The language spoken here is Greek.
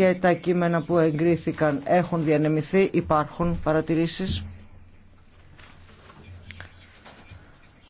και τα κείμενα που εγκρίθηκαν έχουν διανεμηθεί. Υπάρχουν παρατηρήσεις.